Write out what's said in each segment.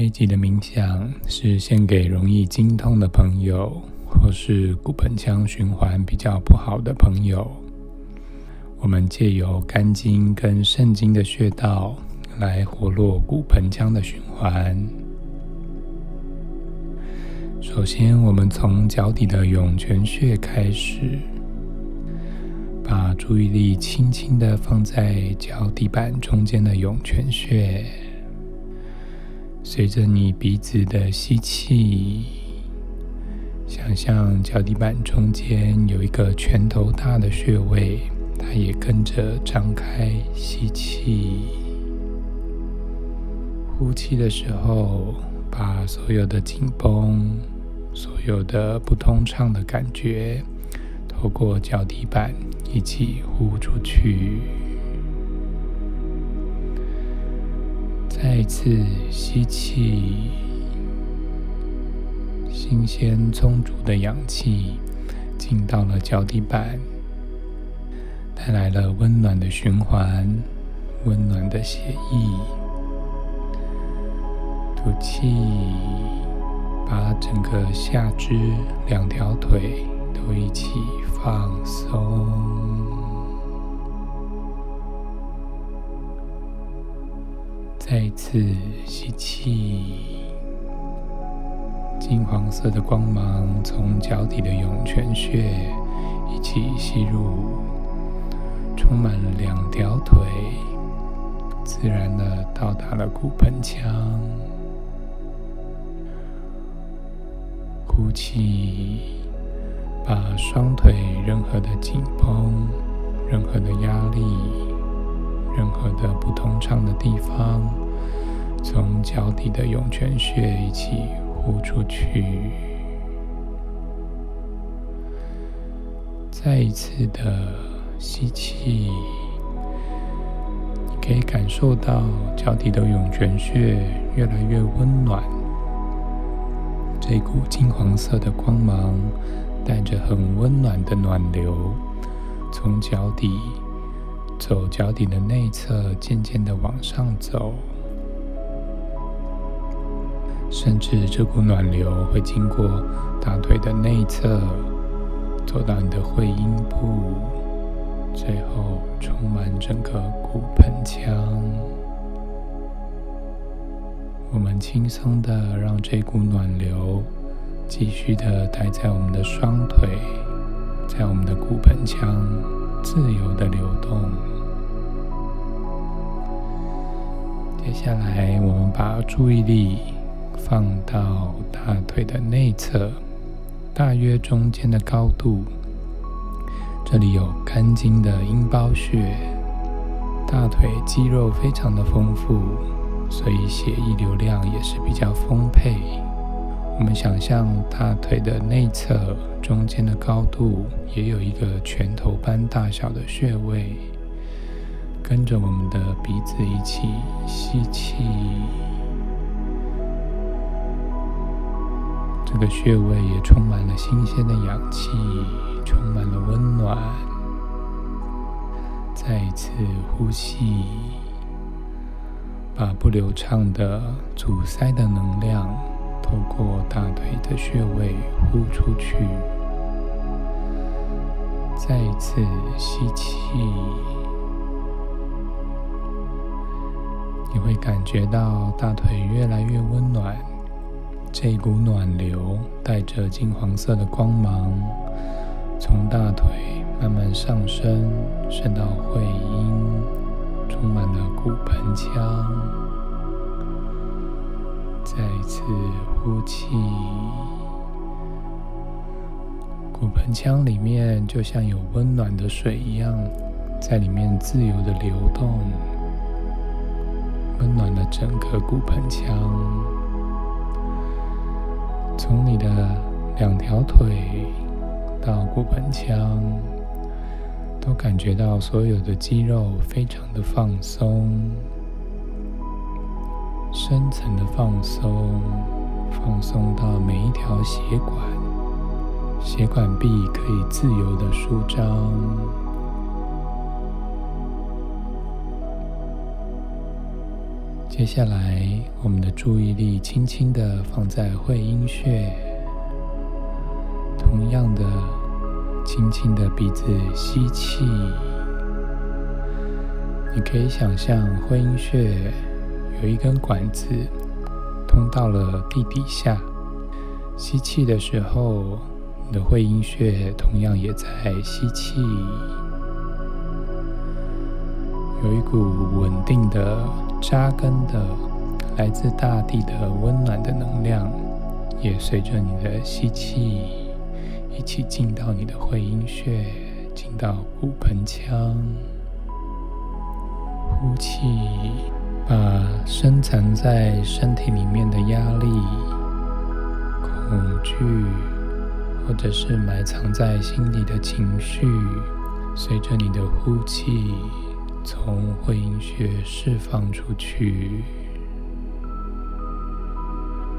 這一集的冥想是獻給容易經痛的朋友，或是骨盆腔循環比較不好的朋友。我們借由肝經跟腎經的穴道來活絡骨盆腔的循環。首先，我們從腳底的湧泉穴開始，把注意力輕輕的放在腳底板中間的湧泉穴。隨着你鼻子的吸氣，想象腳底板中間有一個拳頭大的穴位，它也跟着張開吸氣。呼氣的時候，把所有的緊繃、所有的不通暢的感覺，透過腳底板一起呼出去。再一次吸氣，新鮮充足的氧氣進到了腳底板，帶來了溫暖的循環，溫暖的血液。吐氣，把整個下肢兩條腿都一起放鬆。一次吸氣，金黃色的光芒從腳底的湧泉穴一起吸入，充滿了兩條腿，自然的到達了骨盆腔。呼氣，把雙腿任何的緊繃、任何的壓力、任何的不通暢的地方。從腳底的湧泉穴一起呼出去，再一次的吸氣，你可以感受到腳底的湧泉穴越來越溫暖。這股金黃色的光芒，帶着很溫暖的暖流，從腳底走，腳底的內側漸漸的往上走。甚至這股暖流會經過大腿的內側，走到你的會陰部，最後充滿整個骨盆腔。我們輕鬆的讓這股暖流繼續的待在我們的雙腿，在我們的骨盆腔自由的流動。接下來，我們把注意力，放到大腿的內側，大約中間的高度。這裡有肝經的陰包穴，大腿肌肉非常的豐富，所以血液流量也是比較豐沛。我們想象大腿的內側中間的高度，也有一個拳頭般大小的穴位。跟着我們的鼻子一起吸氣。這個穴位也充滿了新鮮的氧氣，充滿了溫暖。再一次呼吸，把不流暢的、阻塞的能量透過大腿的穴位呼出去。再一次吸氣，你會感覺到大腿越來越溫暖。這一股暖流帶着金黃色的光芒，從大腿慢慢上升，升到會陰，充滿了骨盆腔。再一次呼氣，骨盆腔裡面就像有溫暖的水一樣，在裡面自由的流動，溫暖了整個骨盆腔。從你的兩條腿到骨盆腔，都感覺到所有的肌肉非常的放鬆，深層的放鬆，放鬆到每一條血管，血管壁可以自由的舒張。接下來，我們的注意力輕輕的放在會陰穴，同樣的，輕輕的鼻子吸氣。你可以想象會陰穴有一根管子通到了地底下，吸氣的時候，你的會陰穴同樣也在吸氣，有一股穩定的。扎根的，來自大地的溫暖的能量，也隨着你的吸氣一起進到你的會陰穴，進到骨盆腔。呼氣，把深藏在身體裡面的壓力、恐懼，或者是埋藏在心底的情緒，隨着你的呼氣。從會陰穴釋放出去，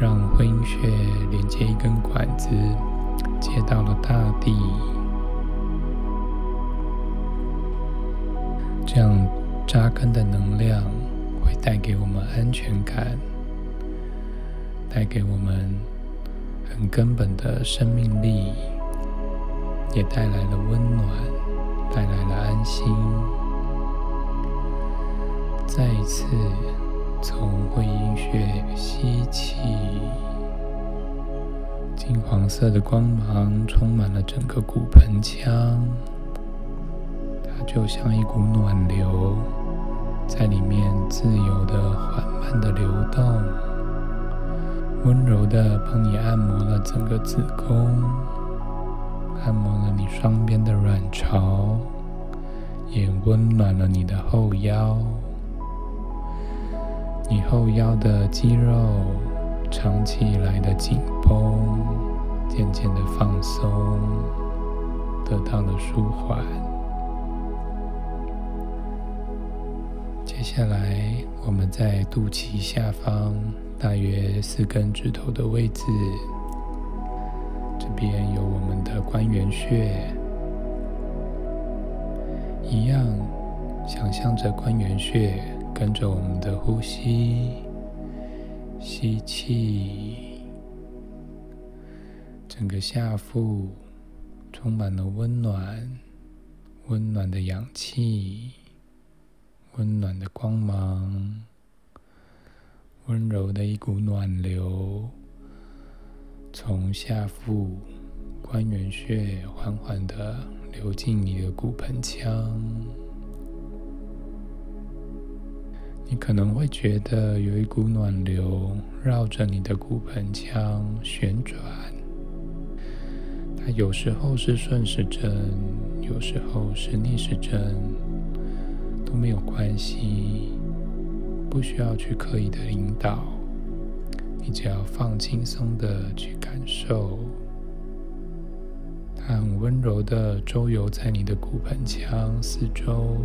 讓會陰穴連接一根管子，接到了大地。這樣扎根的能量會帶給我們安全感，帶給我們很根本的生命力，也帶來了溫暖，帶來了安心。再一次從會陰穴吸氣，金黃色的光芒充滿了整個骨盆腔，它就像一股暖流，在裡面自由的、緩慢的流動，溫柔的幫你按摩了整個子宮，按摩了你雙邊的卵巢，也溫暖了你的後腰。你後腰的肌肉長期以來的緊繃，漸漸的放鬆，得到了舒緩。接下來，我們在肚臍下方大約四根指頭的位置，這邊有我們的關元穴，一樣想象着關元穴。跟着我們的呼吸，吸氣，整個下腹充滿了溫暖、溫暖的氧氣、溫暖的光芒、溫柔的一股暖流，從下腹關元穴緩緩的流進你的骨盆腔。你可能會覺得有一股暖流繞着你的骨盆腔旋轉，它有時候是順時針，有時候是逆時針，都沒有關係，不需要去刻意的引導，你只要放輕鬆的去感受，它很溫柔的周游在你的骨盆腔四周。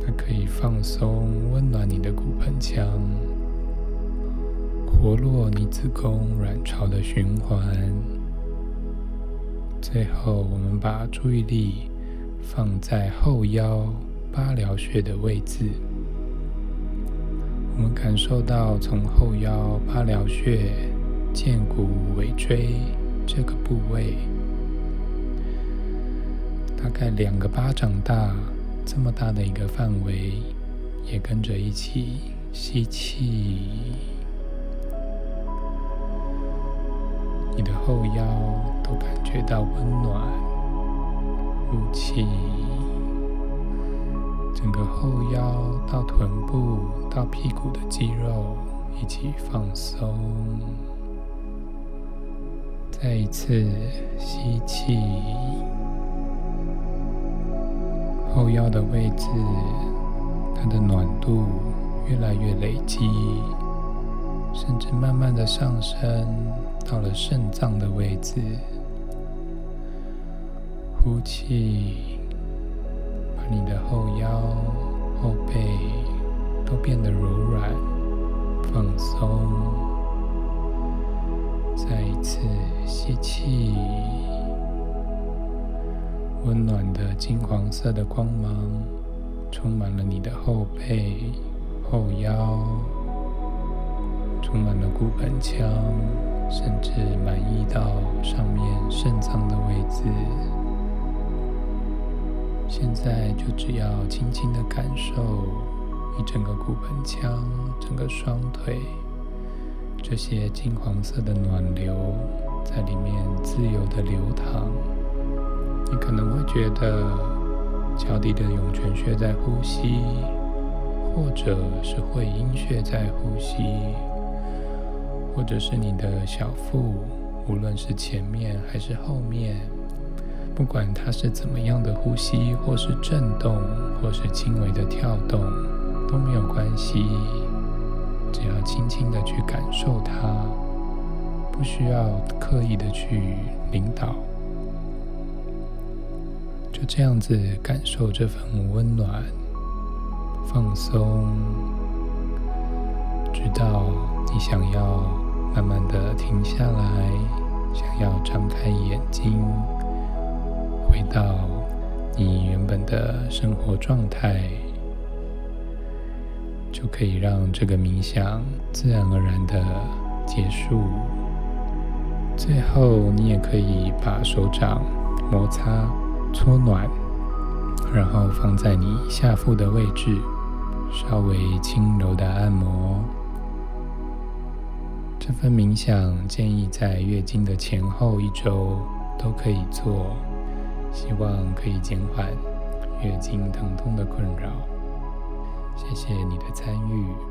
它可以放鬆、溫暖你的骨盆腔，活絡你子宮、卵巢的循環。最後，我們把注意力放在後腰八髎穴的位置，我們感受到從後腰八髎穴、薦骨尾椎這個部位，大概兩個巴掌大。大的一個範圍，也跟着一起吸氣。你的後腰都感覺到溫暖，呼氣，整個後腰到臀部到屁股的肌肉一起放鬆。再一次吸氣。後腰的位置，它的暖度越來越累積，甚至慢慢的上升到了腎臟的位置。呼氣，把你的後腰、後背都變得柔軟、放鬆。再一次吸氣。溫暖的金黃色的光芒，充滿了你的後背、後腰，充滿了骨盆腔，甚至滿意到上面腎臟的位置。現在就只要輕輕的感受，你整個骨盆腔、整個雙腿，這些金黃色的暖流在裡面自由的流淌。你可能會覺得腳底的湧泉穴在呼吸，或者是會陰穴在呼吸，或者是你的小腹，無論是前面還是後面，不管它是怎麼樣的呼吸，或是震動，或是輕微的跳動，都沒有關係，只要輕輕的去感受它，不需要刻意的去引導。就這樣子感受這份溫暖，放鬆，直到你想要慢慢的停下來，想要張開眼睛，回到你原本的生活狀態，就可以讓這個冥想自然而然的結束。最後，你也可以把手掌摩擦。搓暖，然後放在你下腹的位置，稍微輕柔的按摩。這份冥想建議在月經的前後一周都可以做，希望可以減緩月經疼痛的困擾。謝謝你的參與。